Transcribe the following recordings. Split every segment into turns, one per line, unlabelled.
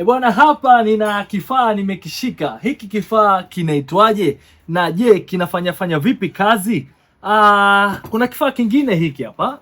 E bwana, hapa nina kifaa nimekishika. Hiki kifaa kinaitwaje na je kinafanya fanya vipi kazi? Aa, ah, kuna kifaa kingine hiki hapa,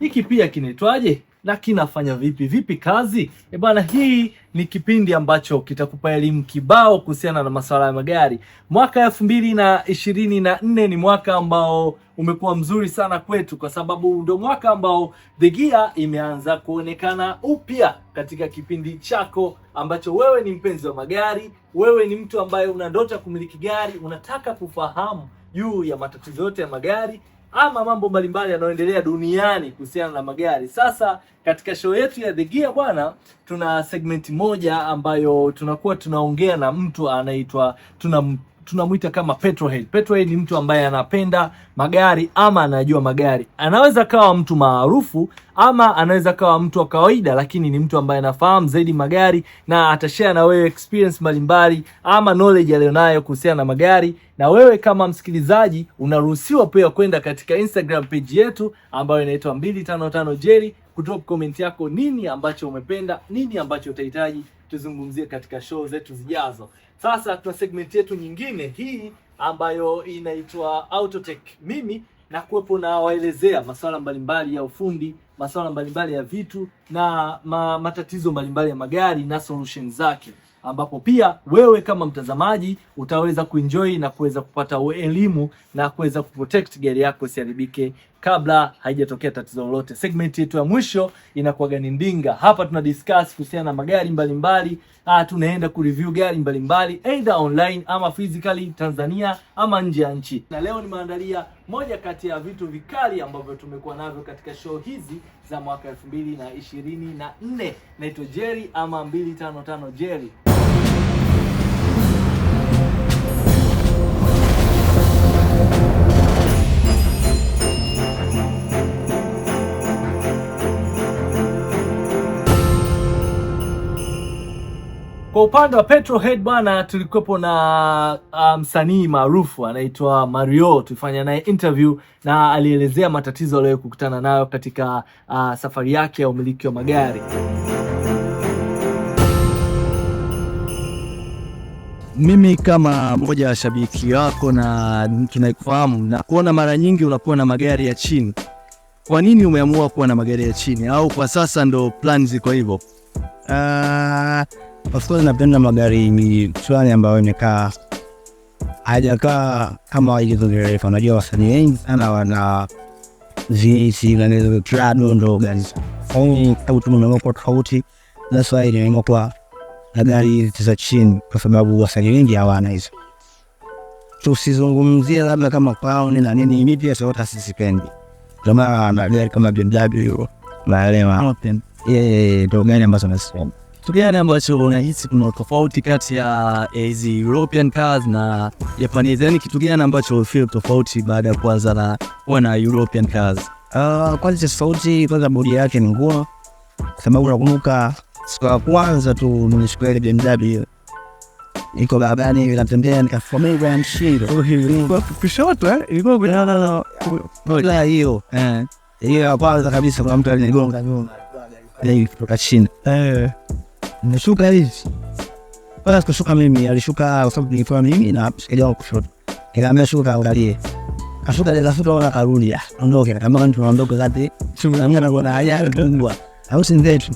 hiki pia kinaitwaje? na kinafanya vipi vipi kazi. E bwana, hii ni kipindi ambacho kitakupa elimu kibao kuhusiana na masuala ya magari. Mwaka elfu mbili na ishirini na nne ni mwaka ambao umekuwa mzuri sana kwetu, kwa sababu ndio mwaka ambao The Gear imeanza kuonekana upya katika kipindi chako ambacho wewe ni mpenzi wa magari, wewe ni mtu ambaye una ndoto ya kumiliki gari, unataka kufahamu juu ya matatizo yote ya magari ama mambo mbalimbali yanayoendelea duniani kuhusiana na magari. Sasa katika show yetu ya The Gear bwana, tuna segment moja ambayo tunakuwa tunaongea na mtu anaitwa tunam tunamwita kama petrolhead. Petrolhead ni mtu ambaye anapenda magari ama anajua magari. Anaweza kawa mtu maarufu ama anaweza kawa mtu wa kawaida, lakini ni mtu ambaye anafahamu zaidi magari na atashare na wewe experience mbalimbali ama knowledge aliyonayo kuhusiana na magari. Na wewe kama msikilizaji unaruhusiwa pia kwenda katika Instagram page yetu ambayo inaitwa 255 Jerry kutoa comment yako, nini ambacho umependa, nini ambacho utahitaji tuzungumzie katika show zetu zijazo. Sasa tuna segment yetu nyingine hii ambayo inaitwa Autotech Mimi, na kuwepo na waelezea masuala mbalimbali ya ufundi, masuala mbalimbali ya vitu na ma, matatizo mbalimbali ya magari na solution zake ambapo pia wewe kama mtazamaji utaweza kuenjoy na kuweza kupata elimu na kuweza kuprotect gari yako isiharibike kabla haijatokea tatizo lolote. Segment yetu ya mwisho inakuwa gani ndinga. Hapa tuna discuss kuhusiana na magari mbalimbali mbali. Ah, tunaenda kureview gari mbalimbali either online ama physically Tanzania ama nje ya nchi, na leo nimeandalia moja kati ya vitu vikali ambavyo tumekuwa navyo katika show hizi za mwaka 2024 na na naitwa Jerry ama 255 Jerry Kwa upande wa Petrolhead bwana, tulikuwepo na uh, msanii um, maarufu anaitwa Mario, tulifanya naye interview na alielezea matatizo aliyowahi kukutana nayo katika uh, safari yake ya umiliki wa magari.
Mimi kama mmoja wa shabiki wako na kinafahamu na kuona mara nyingi unakuwa na magari ya chini, kwa nini umeamua kuwa na magari ya chini, au kwa sasa ndo plan ziko hivyo? uh, Of course napenda magari fulani ambayo imekaa hajakaa kama walivyozoeleka. Unajua wasanii wengi sana wana visi na Prado ndo gari tumemekwa tofauti, that's why nimekwa na gari za chini, kwa sababu wasanii wengi hawana hizo. Tusizungumzie labda kama crown na nini, mipya, pia Toyota sisipendi, ndo maana na gari kama BMW, naelewa ndo gari ambazo nasipenda.
Kitu gani ambacho unahisi kuna tofauti kati ya eh, hizi European cars na Japanese? Yani kitu gani ambacho feel tofauti baada ya kuanza na kuwa na European cars?
Uh, kwanza tofauti, kwanza bodi yake ni ngumu, sababu unakumbuka siku ya kwanza tu nilishukua ile BMW iko babani inatembea, nikafomeanshidoa
oh, hiyo
hiyo ya kwanza kabisa, kuna mtu alinigonga nyuma kutoka China. Eh nimeshuka hivi basi, kushuka mimi alishuka kwa sababu nilikuwa mimi na msaidia wa kushoto, nikaambia shuka angalie, kashuka ile kafuta wala karudi, ah, ondoke kama kama tunaondoka kati, shuka mimi na kuna haya kubwa au si nzetu,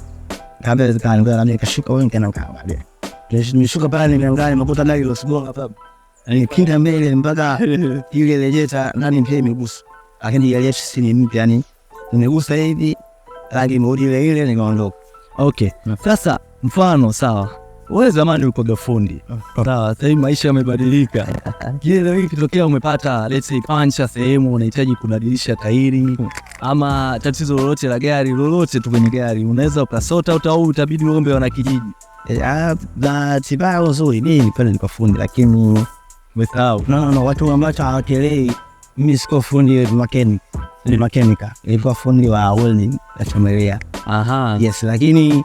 kaambia zikani ngoja nami kashuka wewe nikaenda nikaangalia, nimeshuka pale, nimeangalia makuta ndani ile sigonga baba, yani kinda mbele mpaka ile lejeta nani pia imegusa, lakini ile yetu si ni mpya, yani nimegusa hivi rangi ile ile nikaondoka.
Okay, sasa Mfano sawa, wewe zamani ulikuwa fundi ah, ah. sawa, sasa hivi maisha yamebadilika. Je, leo ikitokea umepata let's say pancha sehemu, unahitaji kubadilisha tairi ama tatizo lolote la gari lolote tu kwenye gari, unaweza ukasota au utabidi uombe wanakijiji?
Na eh, ah, sibao nzuri, mimi pale nilikuwa fundi, lakini umesahau. No, no, no, watu ambao hawaelewi, mimi siko fundi makeni ni makenika, nilikuwa fundi wa welding ya chomelea. Aha, yes, lakini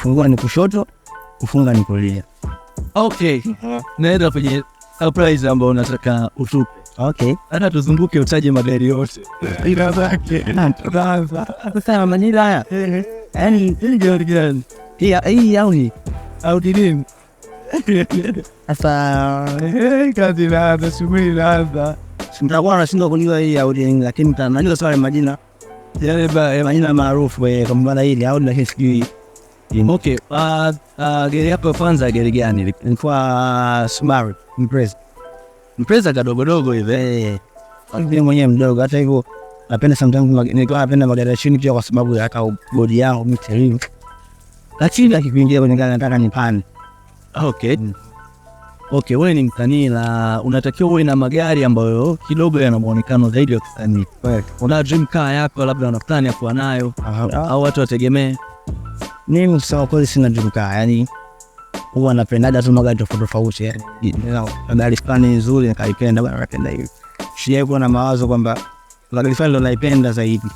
kufungua ni kushoto, kufunga ni kulia.
Okay. Mm-hmm. Naenda kwenye surprise ambayo unataka utupe. Okay. Hata tuzunguke utaje magari yote. Ila zake.
Sasa Manila haya. Eh, eh. Yaani ili yaani gari gani? Hii hii au ni
Au dini?
Sasa
eh, kazi na shughuli
na kuniwa hii lakini swali majina. Yale majina maarufu kwa hili lakini sijui
Okay, uh, uh, gari yako kwanza gari gani? Ilikuwa Subaru Impreza. Impreza kadogo dogo hivi. Eh, eh.
Mimi mwenyewe mdogo hata hivyo napenda sometimes nilikuwa napenda magari ya chini pia kwa sababu ya hata body yangu mteremko. Lakini akikuingia kwenye gari nataka nipande.
Okay. Mm. Okay, wewe ni msanii na unatakiwa uwe na magari ambayo kidogo yana muonekano zaidi wa kisanii. Una dream car yako labda una kuwa nayo au watu wategemee
mimi kusema kweli sina duka, yani huwa napendaga tu magari tofauti tofauti, yani gari fulani nzuri nikaipenda bwana, napenda hivi. Sijawahi kuwa na mawazo kwamba gari fulani ndo naipenda zaidi.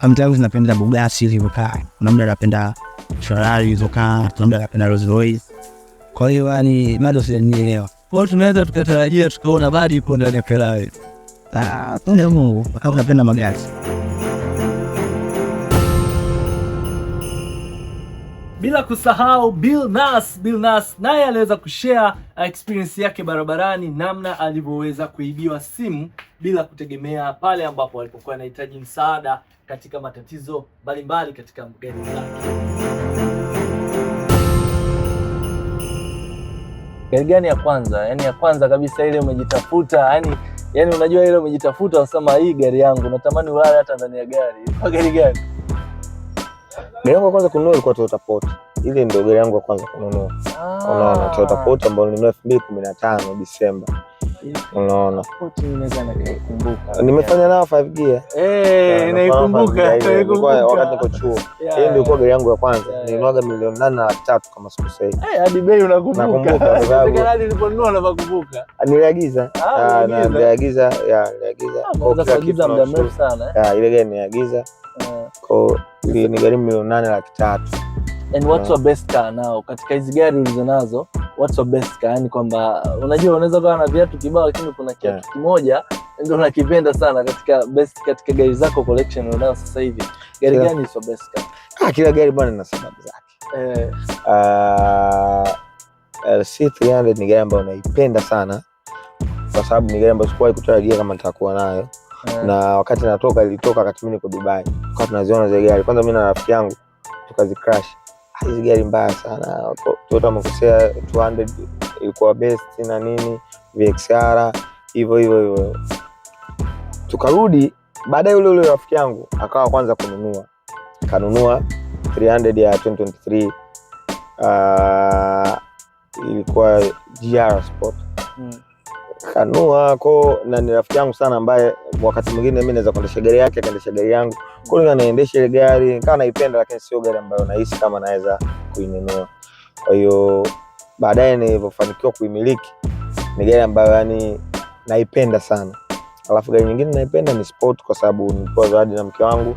Sometimes napenda Bugatti kaa, kuna muda napenda Ferrari kaa, kuna muda napenda Rolls Royce. Kwa hiyo yani bado sijaelewa, kwa tunaweza tukatarajia tukaona bali ipo ndani ya Ferrari. Ah, tunapenda magari
bila kusahau Bill Nas. Bill Nas naye aliweza kushare uh, experience yake barabarani, namna alivyoweza kuibiwa simu bila kutegemea, pale ambapo alipokuwa anahitaji msaada katika matatizo mbalimbali katika gari lake. Gari gani ya kwanza? Yani ya kwanza kabisa ile umejitafuta, yani yani unajua ile umejitafuta, unasema hii gari yangu, natamani ulale hata ndani ya gari. Gari gani?
Gari yangu ya kwanza kununua ilikuwa Toyota Port. Ile ndio gari yangu ya kwanza kununua. Ah. Unaona, Toyota Port ambayo nilinunua 2015 Disemba. Unaona, nimefanya nayo 5 gear.
Eh, naikumbuka.
Naikumbuka. Wakati niko chuo. Hiyo ndio ilikuwa gari yangu ya kwanza. Nilinunua milioni nane na laki tatu kama sikosei.
Eh, hadi bei unakumbuka. Nakumbuka kwa sababu gari na kukumbuka.
Ah, niliagiza. Ah, ah niliagiza. Ya, niliagiza.
Ah, kwa sababu muda mrefu sana.
Ah, ile gari niliagiza uh, ni gari milioni nane laki tatu.
And what's your best car now? Katika hizi gari ulizo nazo, what's your best car? Yani kwamba unajua unaweza kuwa na viatu kibao, lakini kuna kiatu yeah, kimoja ndio unakipenda sana katika best, katika gari zako collection unayo sasa hivi, gari gani is your best car?
Ah, kila gari bwana ina sababu
zake eh.
Uh, ah, LC300 ni gari ambayo naipenda sana kwa sababu ni gari ambayo sikuwahi kutarajia kama nitakuwa nayo na wakati natoka ilitoka wakati mimi niko Dubai, kwa tunaziona zile gari kwanza, mimi na rafiki yangu tukazi crash ah, hizi gari mbaya sana, Toyota amekosea 200 ilikuwa best na nini VXR hivyo hivyo hivyo, tukarudi baadaye. Ule ule rafiki yangu akawa kwanza kununua, kanunua 300 ya 2023 uh, ah, ilikuwa GR Sport hmm. Kanua ko na ni rafiki yangu sana, ambaye wakati mwingine mimi naweza kuendesha gari yake akaendesha gari yangu, kwa hiyo naendesha ile gari nikawa naipenda, lakini sio gari ambayo nahisi kama naweza kuinunua. Kwa hiyo baadaye nilipofanikiwa kuimiliki, ni gari ambayo yani naipenda sana. Alafu gari nyingine naipenda ni Sport kwa sababu nilipewa zawadi na mke wangu,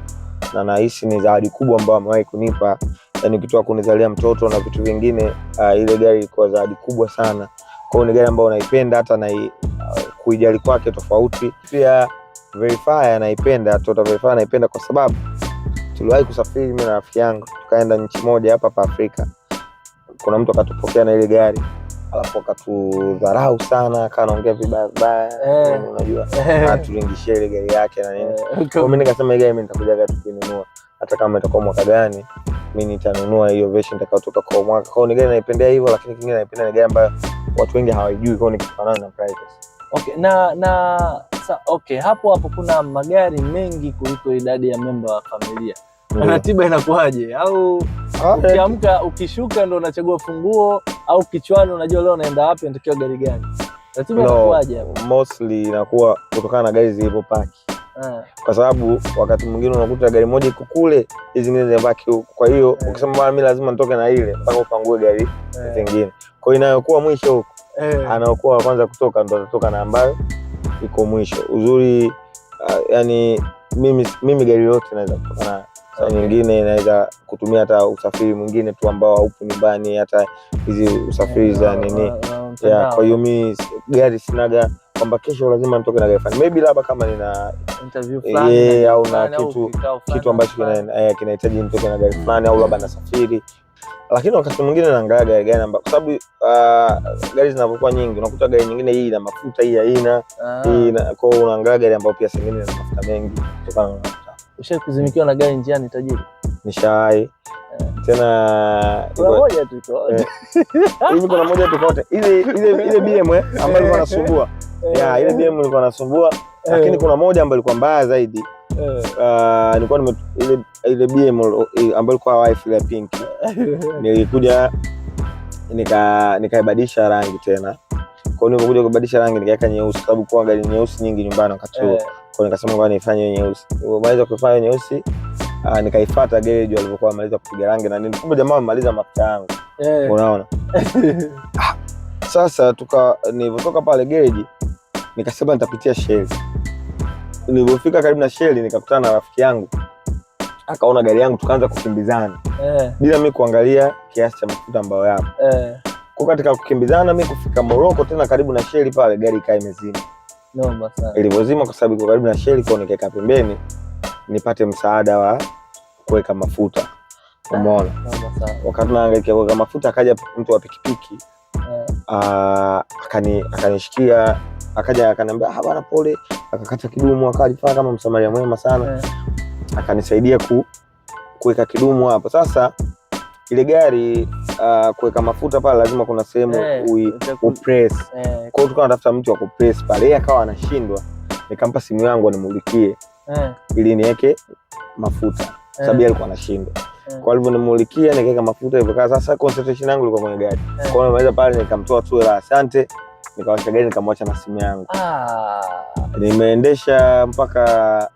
na nahisi ni zawadi kubwa ambayo amewahi kunipa, yani kitu kunizalia mtoto na vitu vingine. Uh, ile gari ilikuwa zawadi kubwa sana kwao ni gari ambayo unaipenda hata na uh, kuijali kwake tofauti. Pia Verifier anaipenda, Toyota Verifier anaipenda kwa sababu tuliwahi kusafiri mimi na rafiki yangu tukaenda nchi moja hapa pa Afrika. Kuna mtu akatupokea na ile gari alafu akatudharau sana, akanaongea vibaya vibaya, eh. unajua eh. aturingishia ile gari yake na nini. Eh, kwa mimi nikasema ile gari mimi nitakuja gari tukinunua, hata kama itakuwa mwaka gani mimi nitanunua hiyo version itakayotoka kwa mwaka. Kwao ni gari naipendea hivyo, lakini kingine naipenda ni gari ambayo watu wengi hawajui kwao ni kifanana na privacy.
Okay, na na sa, okay, hapo hapo kuna magari mengi kuliko idadi ya memba wa familia ratiba inakuwaje? Au ah, ukiamka ukishuka ndo unachagua funguo au kichwani unajua leo unaenda wapi, natakiwa gari gani? Ratiba inakuwaje
Mostly inakuwa kutokana na gari zilivyopaki Eh. kwa sababu wakati mwingine unakuta gari moja iko kule, hizi zingine zinabaki huko. Kwa hiyo ukisema bwana, mimi lazima nitoke na ile mpaka upangue gari eh. zingine, kwa hiyo inayokuwa mwisho huko eh. anaokuwa wa kwanza kutoka ndo atatoka na ambayo iko mwisho. Uzuri uh, yani mimi, mimi gari yote naweza kutoka na saa nyingine inaweza kutumia hata usafiri mwingine tu ambao haupo nyumbani, hata hizi usafiri za nini. Kwa hiyo mi gari sinaga kwamba kesho lazima nitoke na gari fulani, maybe labda kama nina interview eh, fulani yeah, au na kitu kitu ambacho eh, kinahitaji kina nitoke na gari fulani au labda nasafiri, lakini wakati mwingine naangalia gari gani namba, kwa sababu uh, gari zinapokuwa nyingi unakuta gari nyingine hii ina mafuta hii haina ah. hii, kwa hiyo unaangalia gari ambayo pia sengine ina mafuta mengi kutokana na mafuta.
Ushawahi kuzimikiwa na gari njiani tajiri?
Nishawahi eh. tena hivi, kuna moja tukote ile ile ile BMW ambayo inasumbua Eh. yeah, ile DM ilikuwa nasumbua, eh. lakini kuna moja ambayo ilikuwa mbaya zaidi eh. Uh, nilikuwa nime ile ile DM ambayo ilikuwa wife ile pink nilikuja nika nikaibadilisha rangi tena. Kwa hiyo nilikuja kubadilisha rangi nikaweka nyeusi, sababu kwa gari nyeusi nyingi nyumbani wakati huo, eh. kwa nikasema kwani nifanye nyeusi. Nilipomaliza kufanya nyeusi uh, nikaifuata garage walipokuwa wamaliza kupiga rangi na nini, kumbe jamaa wamaliza mafuta yangu, eh. unaona ah, sasa tuka nilipotoka pale gereji nikasema nitapitia Shell. Nilipofika karibu na Shell nikakutana na rafiki yangu akaona gari yangu tukaanza kukimbizana eh, bila mi kuangalia kiasi cha mafuta ambayo yapo eh. Kwa katika kukimbizana mi kufika Moroko tena karibu na Shell pale gari ikaa imezima
noma sana.
Ilivyozima kwa sababu iko karibu na Shell, kwa nikaeka pembeni nipate msaada wa kuweka mafuta. Umeona, wakati naangaikia kuweka mafuta akaja mtu wa pikipiki eh, ah, akanishikia akaja akaniambia ah, bwana pole, akakata kidumu, akajifanya kama msamaria mwema sana yeah. Akanisaidia ku, kuweka kidumu hapo. Sasa ile gari uh, kuweka mafuta pale lazima kuna sehemu yeah, upress yeah. Kwa hiyo tulikuwa natafuta mtu wa kupress pale, yeye akawa anashindwa, nikampa simu yangu animulikie yeah. ili niweke mafuta yeah. sababu alikuwa anashindwa eh. kwa hivyo nimulikia nikaweka mafuta hivyo. Sasa concentration yangu ilikuwa kwenye gari, eh. kwa hiyo naweza pale nikamtoa tu la asante nikawasha gari nikamwacha na simu yangu.
Ah.
Nimeendesha mpaka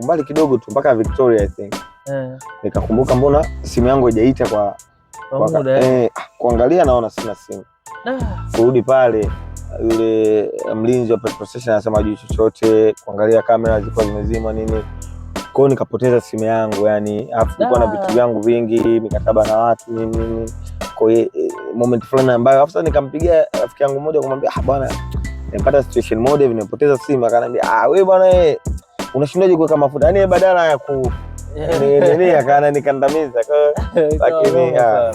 umbali kidogo tu mpaka Victoria I think. Eh. Nikakumbuka mbona simu yangu haijaita kwa kuangalia eh, ah, kuangalia naona sina simu. Ah. Kurudi pale yule eh, mlinzi wa petrol station anasema juu chochote, kuangalia kamera zilikuwa zimezima nini. kwao, nikapoteza simu yangu yani, afu ah. nilikuwa na vitu vyangu vingi, mikataba na watu nini nini yako ye, eh, moment fulani ambayo afsa Nikampigia rafiki yangu mmoja kumwambia, ah bwana, nimepata situation moja hivi, nimepoteza simu. Akaniambia, ah wewe bwana, wewe unashindaje kuweka mafuta yani, badala ya ku nini, akana nikandamiza kwa lakini ah.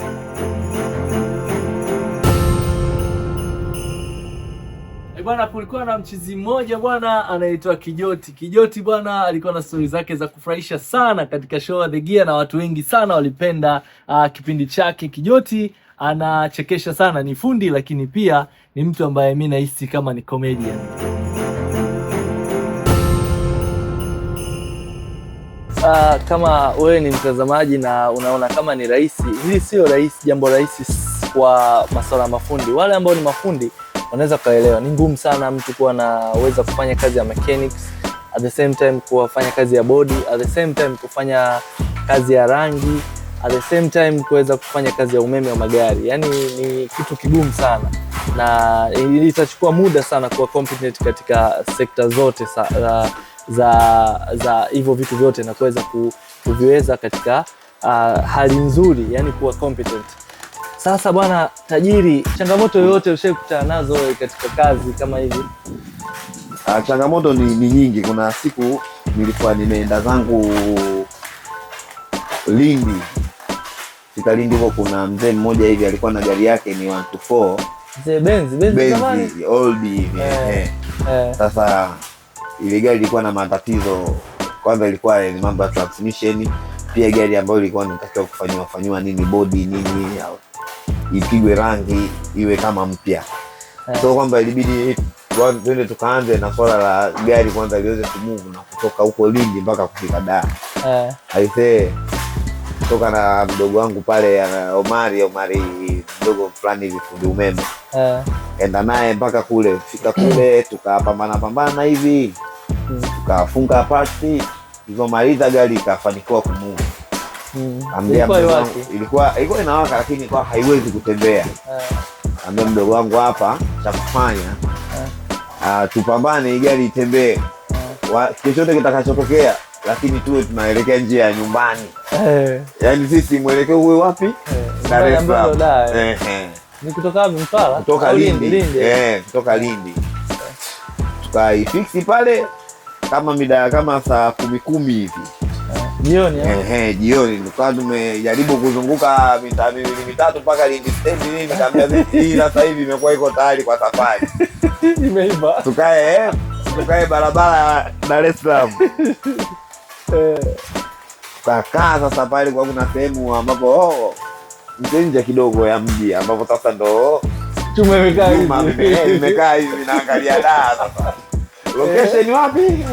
bwana, kulikuwa na mchizi mmoja bwana anaitwa Kijoti. Kijoti bwana alikuwa na stori zake za kufurahisha sana katika show ya The Gear na watu wengi sana walipenda uh, kipindi chake. Kijoti anachekesha sana, ni fundi lakini pia ni mtu ambaye mimi nahisi kama ni comedian. Uh, kama wewe ni mtazamaji na unaona kama ni rahisi, hili sio rahisi, jambo rahisi kwa masuala ya mafundi. Wale ambao ni mafundi wanaweza kaelewa. Ni ngumu sana mtu kuwa anaweza kufanya kazi ya mechanics at the same time kufanya kazi ya body at the same time kufanya kazi ya rangi at the same time kuweza kufanya kazi ya umeme wa magari. Yani ni kitu kigumu sana na itachukua muda sana kuwa competent katika sekta zote sa, za, za, za hivyo vitu vyote na kuweza kuviweza katika uh, hali nzuri, yani kuwa competent. Sasa bwana tajiri, changamoto yoyote ushaikutana nazo katika kazi kama hivi?
Uh, changamoto ni, ni nyingi. Kuna siku nilikuwa nimeenda zangu Lindi, fika Lindi huko, kuna mzee mmoja hivi alikuwa na gari yake ni 124 mzee Benz, Benz, zamani old hivi eh, eh. Eh. Sasa ile gari ilikuwa na matatizo, kwanza ilikuwa ni mambo ya transmission, pia gari ambayo ilikuwa inatakiwa kufanywa fanywa nini body nini ipigwe rangi iwe kama mpya yeah. So kwamba ilibidi twende tukaanze na swala la gari kwanza liweze kumuvu na kutoka huko Lindi mpaka kufika Dar yeah. Aisee, toka na mdogo wangu pale eh, Omari, Omari mdogo fulani hivi fundi umeme yeah. Enda naye mpaka kule fika kule tukapambana pambana hivi mm. tukafunga pati, ilivyomaliza gari ikafanikiwa kumuvu ilikuwa ilikuwa inawaka, lakini kwa haiwezi kutembea. Eh. Ambia mdogo wangu hapa, cha kufanya eh. ah, tupambane, igari gari itembee, eh. chochote kitakachotokea, lakini tuwe tunaelekea njia ya nyumbani. Yaani sisi mwelekeo uwe wapi? Dar es Ni kutoka kutoka Lindi, kutoka Lindi tukaifiksi pale kama mida kama saa kumi kumi hivi jioni eh, jioni tukawa tumejaribu kuzunguka mitaa miwili mitatu mpaka Lindi stendi nini, kaambia hii sasa hivi imekuwa iko tayari kwa safari
imeiba,
tukae eh? tukae barabara ya Dar es Salaam eh. tukakaa sasa pale kwa kuna sehemu ambapo oh, mte nje kidogo ya mji ambapo sasa ndo oh,
eh,
imekaa hivi naangalia, daa sasa
location wapi?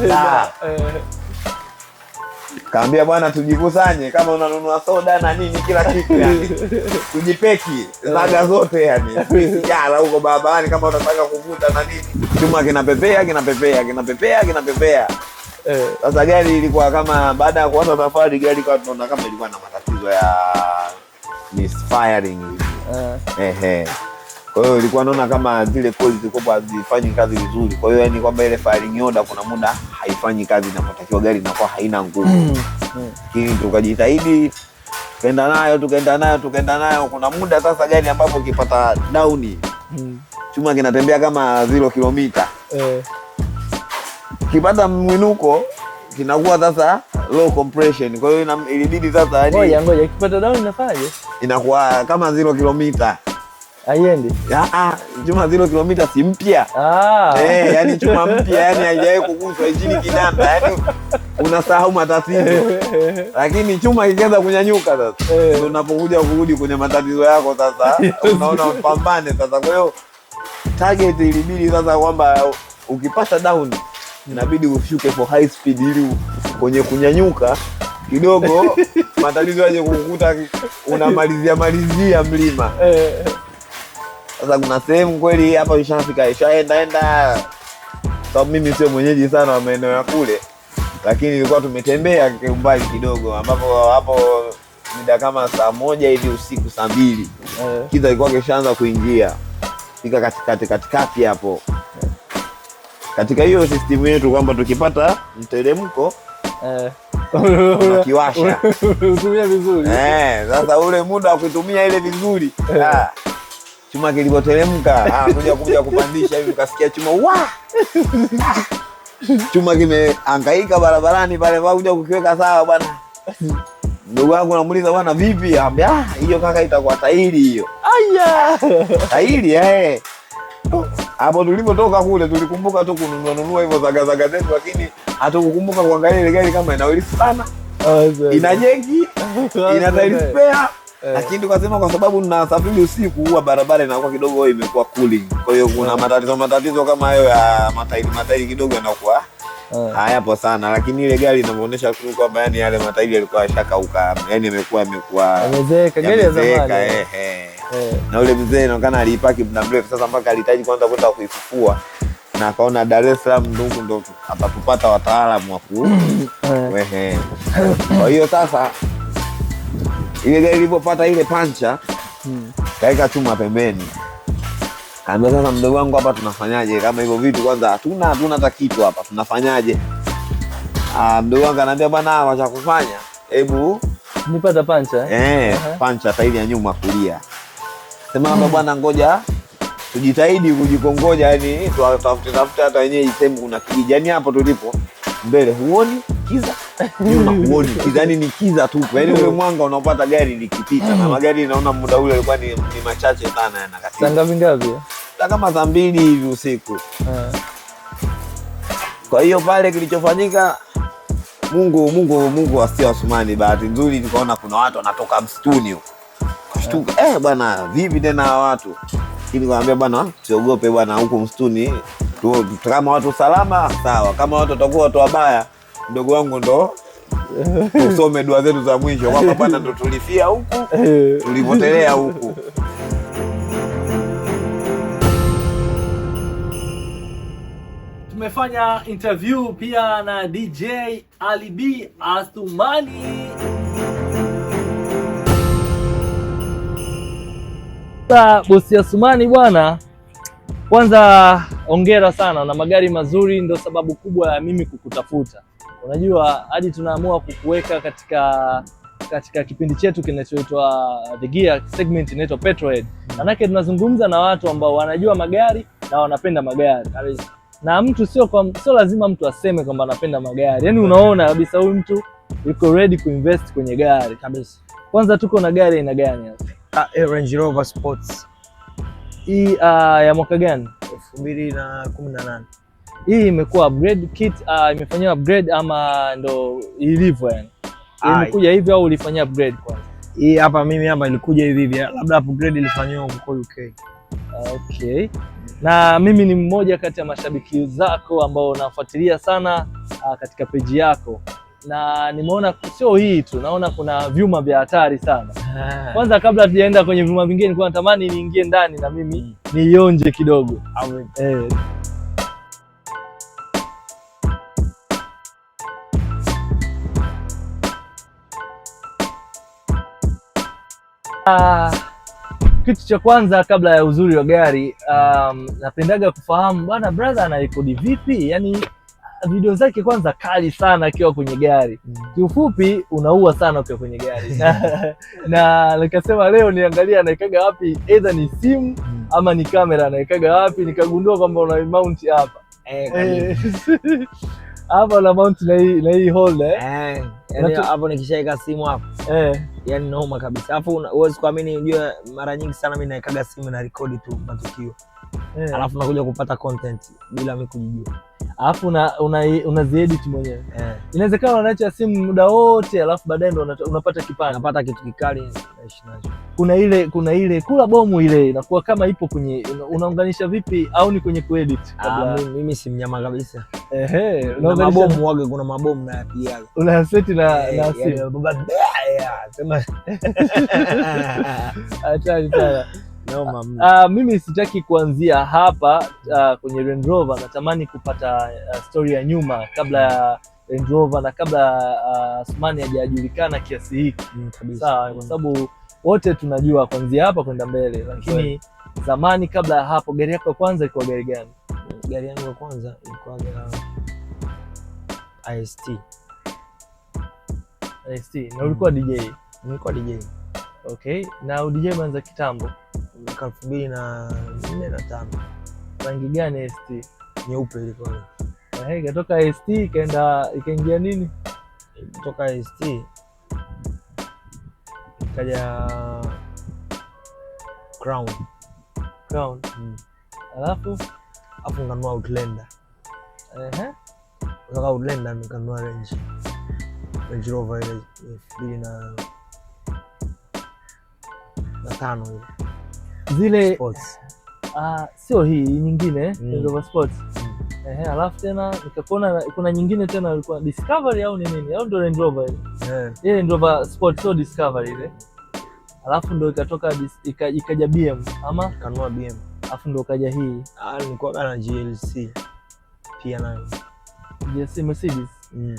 Kaambia bwana, tujikusanye kama unanunua soda na nini kila kitu yani. Tujipeki zaga zote yani. Sijara huko barabarani kama unataka kuvuta na nini. Chuma kinapepea, kinapepea, kinapepea, kinapepea. Eh, sasa gari ilikuwa kama baada ya kuanza safari gari kwa tunaona kama ilikuwa na matatizo ya misfiring. Eh. Kwa hiyo ilikuwa naona kama zile kozi zilikuwa hazifanyi kazi vizuri. Kwa hiyo yani kwamba ile firing order kuna muda haifanyi kazi inapotakiwa, gari inakuwa haina nguvu. Mm, mm. Lakini mm. tukajitahidi tukaenda nayo tukaenda nayo tukaenda nayo. Kuna muda sasa gari ambapo ukipata dauni mm. chuma kinatembea kama zero kilomita eh. kipata mwinuko kinakuwa sasa low compression. Kwa hiyo ilibidi sasa yaani
ngoja ngoja, ikipata down inafaje?
Inakuwa kama zero kilomita Haiendi. Ah, chuma ah, zilo kilomita si mpya. Ah. Eh, hey, yani chuma mpya yani haijawahi kuguswa injini kidanda. Yani unasahau matatizo. Lakini chuma ikianza kunyanyuka sasa. Hey. Eh. Ndio unapokuja kurudi kwenye matatizo yako sasa. Unaona mpambane sasa. Kwa hiyo target ilibidi sasa kwamba ukipata down inabidi ushuke for high speed ili kwenye kunyanyuka kidogo matatizo yaje kukuta unamalizia malizia mlima. Eh. Sasa kuna sehemu kweli hapa ishafika ishaenda enda, sababu mimi sio mwenyeji sana wa maeneo ya kule, lakini ilikuwa tumetembea umbali kidogo, ambapo hapo mida kama saa moja hivi usiku saa mbili yeah. Kiza ilikuwa kishaanza kuingia fika katikati katikati hapo Katika hiyo system yetu kwamba tukipata mteremko yeah. Kiwasha eh, sasa ule muda wa kuitumia ile vizuri eh. ah chuma kilivyoteremka ah, kuja kuja kupandisha hivi, kasikia chuma wa chuma kimeangaika barabarani pale, kuja kukiweka sawa bwana. Ndugu wangu namuuliza bwana, vipi? Ambia ah, hiyo kaka, itakuwa tairi hiyo.
Aya,
tairi eh. Hapo tulipotoka kule tulikumbuka tu kununua nunua hivyo zagazaga zetu, lakini hatukukumbuka kuangalia ile gari kama inawili sana, ina jeki, ina tairi spare Eh. lakini tukasema kwa sababu na tunasafiri usiku, huwa barabara inakuwa kidogo imekuwa cooling, kwa hiyo kuna eh. matatizo matatizo kama hayo ya matairi matairi kidogo yanakuwa eh. hayapo yeah. sana, lakini ile gari inamuonesha tu kwamba yani yale matairi yalikuwa yashakauka, yani yamekuwa yamekuwa
yamezeeka
gari ya zamani eh, na ule mzee inaonekana aliipaki muda mrefu sasa, mpaka alihitaji kwanza kwenda kuifufua na akaona Dar es Salaam ndugu ndo atatupata wataalamu wa kwa hiyo sasa ile gari ilipopata ile pancha hmm. Kaweka chuma pembeni, kaambia sasa, mdogo wangu, hapa tunafanyaje? Kama hivyo vitu kwanza hatuna hatuna hata kitu hapa, tunafanyaje? Ah, mdogo wangu anaambia bwana, cha kufanya, hebu
nipata pancha
eh, uh -huh. Pancha saidi ya nyuma kulia, sema hmm. bwana, ngoja tujitahidi kujikongoja, yani tutafute hata wenyewe sehemu kuna kijani hapo tulipo mbele, huoni kiza Kizani ni kiza tu, yaani mm. ule mwanga unaopata gari likipita, mm. na magari naona muda ule alikuwa ni, ni machache sana
yanakatika. Ngapi ngapi?
Kama saa mbili hivi usiku. Eh. Kwa hiyo pale kilichofanyika Mungu Mungu Mungu asia Wasumani, bahati nzuri nikaona kuna watu wanatoka msituni huko. Kashtuka, eh, eh bwana vipi tena watu? lakini kawambia bwana, siogope bwana, huku msituni kama watu salama sawa, kama watu watakuwa watu wabaya mdogo wangu ndo tusome dua zetu za mwisho kwamba bwana, ndo tulifia huku eh. tulipotelea huku.
Tumefanya interview pia na DJ Ali B Athumani. Bosi Athumani bwana, kwanza ongera sana na magari mazuri, ndo sababu kubwa ya mimi kukutafuta Unajua, hadi tunaamua kukuweka katika katika kipindi chetu kinachoitwa The Gear segment inaitwa Petrolhead, hmm. manake tunazungumza na watu ambao wanajua magari na wanapenda magari na mtu sio kwa, sio lazima mtu aseme kwamba anapenda magari, yaani unaona kabisa huyu mtu yuko ready kuinvest kwenye gari kabisa. Kwanza tuko na gari aina gani hapa?
Ah, eh, Range Rover Sports
hii uh, ya mwaka gani?
2018
hii imekuwa upgrade kit, uh, ah, imefanyia upgrade ama ndo ilivyo yani? Imekuja hivi au ulifanyia upgrade kwanza?
Hii hapa mimi hapa ilikuja hivi hivi, labda upgrade ilifanywa huko UK.
Ah, okay. Na mimi ni mmoja kati ya mashabiki zako ambao nafuatilia sana uh, katika peji yako na nimeona sio hii tu, naona kuna vyuma vya hatari sana. Kwanza kabla tujaenda kwenye vyuma vingine, nilikuwa natamani niingie ndani na mimi mm. nionje kidogo. Amen. Eh. Ah, kitu cha kwanza kabla ya uzuri wa gari um, napendaga kufahamu bwana brother anarekodi vipi, yani video zake kwanza kali sana akiwa kwenye gari mm. Kiufupi unaua sana ukiwa kwenye gari na nikasema leo niangalia anaekaga wapi, edha ni simu mm. ama ni kamera anaekaga wapi, nikagundua kwamba una mount hapa eh, hapa, una mount na hii holder eh
yani hapo nikishaika simu hapo eh, yani noma kabisa. Alafu huwezi kuamini, unajua mara nyingi sana mimi naikaga simu na record tu matukio eh, alafu nakuja kupata content bila mimi kujijua,
alafu una una mwenyewe eh. Inawezekana unaacha simu muda wote, alafu baadaye ndo unapata kipande, unapata kitu kikali naishi nacho kuna ile kuna ile kula bomu ile inakuwa kama ipo kwenye, unaunganisha vipi au ni kwenye kuedit?
Ah, kabla mimi si mnyama kabisa. Ehe, na mabomu wage, kuna mabomu na pia
una set na eh,
na sema
acha sana No, uh, mimi sitaki kuanzia hapa uh, kwenye Range Rover. Natamani kupata uh, story ya nyuma kabla ya Range Rover na kabla uh, Asmani hajajulikana kiasi hiki mm, kabisa. sawa, kwa sababu mm wote tunajua kuanzia hapa kwenda mbele, lakini zamani kabla ya hapo, gari yako ya kwanza ilikuwa gari gani?
Gari yangu ya kwanza ilikuwa IST.
IST. Na ulikuwa mm. DJ?
Nilikuwa DJ.
Okay, na DJ umeanza kitambo?
Mwaka elfu mbili na nne na tano. Rangi gani ST? Nyeupe ilikuwa.
Ikatoka ST ikaenda ikaingia nini?
toka ST kaja crown
crown, mm. Alafu
afu nganua outlander ehe, kaka outlander nikanua range Range Rover ile elfu na na tano
ile zile sports. Uh, sio hii nyingine mm. Range Rover sports mm. Ehe, alafu tena nikakuona kuna nyingine tena ilikuwa Discovery au ni nini au ndo Range Rover ile Eh. ile ndio pa sport, sio discovery ile. Alafu ndio ikatoka ikaja BM ama
kanua BM,
alafu ndio kaja hii
ah, nilikuwa na GLC pia nayo
GLC Mercedes. Mm.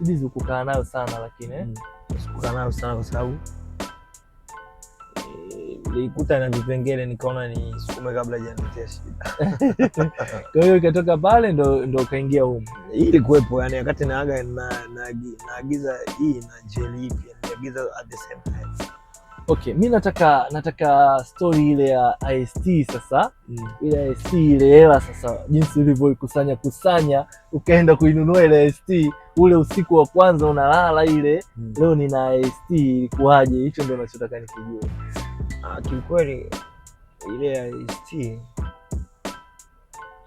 Mercedes ukukaa nayo sana lakini, eh. mm.
sikukaa nayo sana kwa sababu
nilikuta na vipengele nikaona ni
nisukume kabla janitia shida.
Kwa hiyo ikatoka pale ndo, ndo kaingia humu
ili kuwepo, yani wakati naaga naagiza na, hii na jeli ipi naagiza at the same time.
Okay, mi nataka nataka stori ile ya IST sasa mm. ile IST ile hela sasa, jinsi ulivyoikusanya kusanya ukaenda kuinunua ile IST, ule usiku wa kwanza unalala ile mm. leo nina IST ilikuwaje? Hicho ndio nachotaka nikijua. Ah, kiukweli ile ya Ice T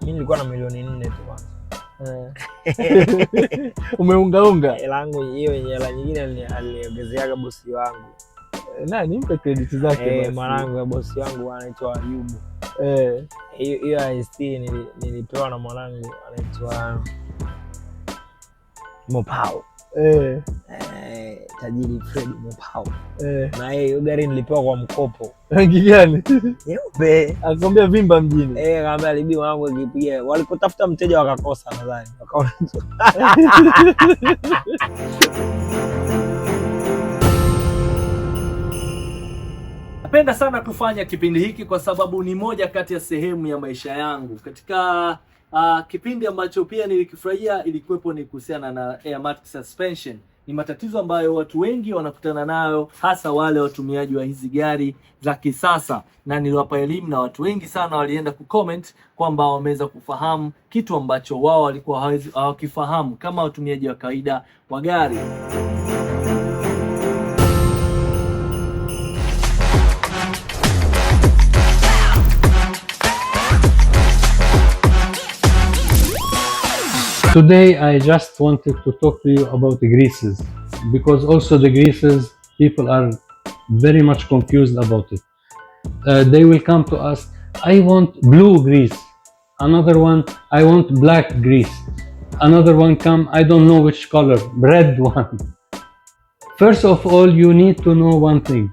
nilikuwa na milioni nne tu kwanza. Eh. Umeungaunga
hela hiyo, yenye hela nyingine aliongezeaga bosi wangu
eh, nani, mpe credit zake eh,
mwanangu ya bosi wangu anaitwa Ayubu. Hiyo Ice nilipewa na mwanangu anaitwa Mopao. Eh. Eh, tajiri Fred eh. na yeye hiyo gari nilipewa kwa mkopo.
Rangi gani?
Nyeupe.
Akamwambia vimba mjini
eh, libi wangu ikipiga, walikotafuta mteja wakakosa, nadhani wakaona
Napenda sana kufanya kipindi hiki kwa sababu ni moja kati ya sehemu ya maisha yangu katika Uh, kipindi ambacho pia nilikifurahia ilikuwepo ni kuhusiana na airmatic suspension. Ni matatizo ambayo watu wengi wanakutana nayo, hasa wale watumiaji wa hizi gari za kisasa, na niliwapa elimu na watu wengi sana walienda kucomment kwamba wameweza kufahamu kitu ambacho wao walikuwa hawakifahamu kama watumiaji wa kawaida wa gari.
Today I just wanted to talk to you about the greases because also the greases people are very much confused about it. Uh, they will come to us, I want blue grease. Another one, I want black grease. Another one come, I don't know which color, red one. First of all, you need to know one thing.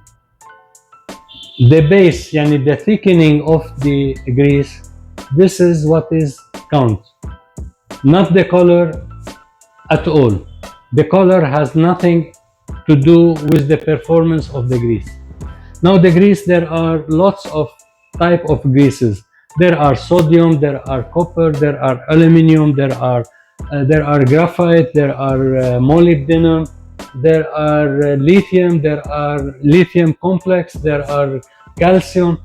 The base, yani the thickening of the grease, this is what is count not the color at all. The color has nothing to do with the performance of the grease. Now the grease, there are lots of type of greases. There are sodium, there are copper, there are aluminium, there are uh, there are graphite, there are uh, molybdenum, there are uh, lithium, there are lithium complex, there are calcium.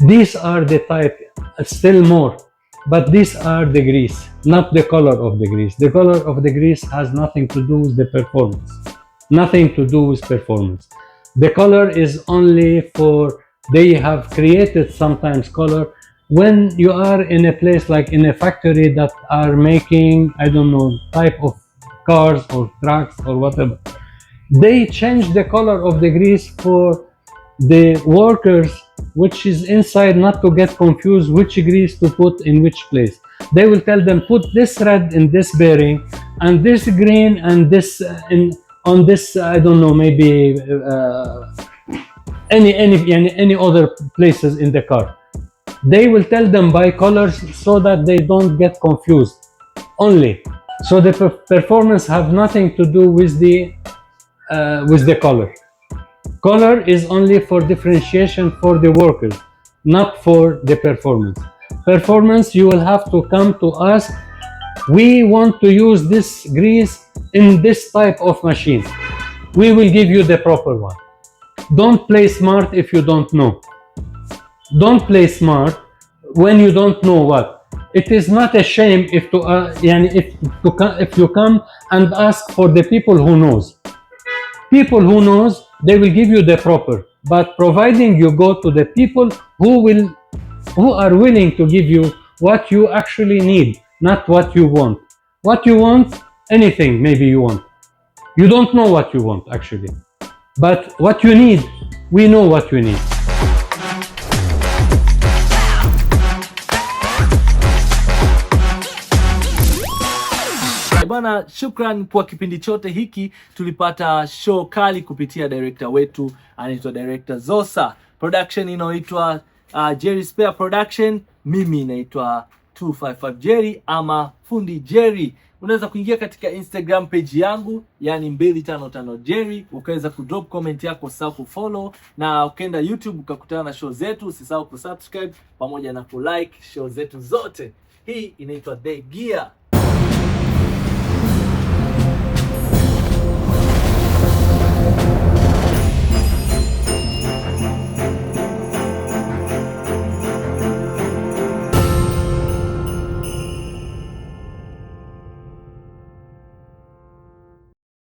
These are the type, uh, still more. But these are the grease, not the color of the grease. The color of the grease has nothing to do with the performance. Nothing to do with performance. The color is only for, they have created sometimes color when you are in a place like in a factory that are making, I don't know, type of cars or trucks or whatever. They change the color of the grease for the workers which is inside not to get confused which grease to put in which place. They will tell them put this red in this bearing and this green and this uh, in on this I don't know maybe uh, any any any other places in the car. They will tell them by colors so that they don't get confused only. So the performance have nothing to do with the uh, with the color. Color is only for differentiation for the workers, not for the performance. Performance, you will have to come to us. We want to use this grease in this type of machine. We will give you the proper one. Don't play smart if you don't know. Don't play smart when you don't know what. It is not a shame if to, uh, if, to if you come and ask for the people who knows. People who knows they will give you the proper. But providing you go to the people who will, who are willing to give you what you actually need, not what you want. What you want, anything maybe you want. You don't know what you want actually, but what you need, we know what you need.
bana, shukran kwa kipindi chote hiki. Tulipata show kali kupitia director wetu anaitwa director Zosa, production inaoitwa uh, Jerry Spare Production, mimi naitwa 255 Jerry ama fundi Jerry. Unaweza kuingia katika Instagram page yangu yani 255 Jerry ukaweza kudrop comment yako, usisahau kufollow, na ukaenda YouTube ukakutana na show zetu, usisahau kusubscribe pamoja na kulike show zetu zote. Hii inaitwa The Gear.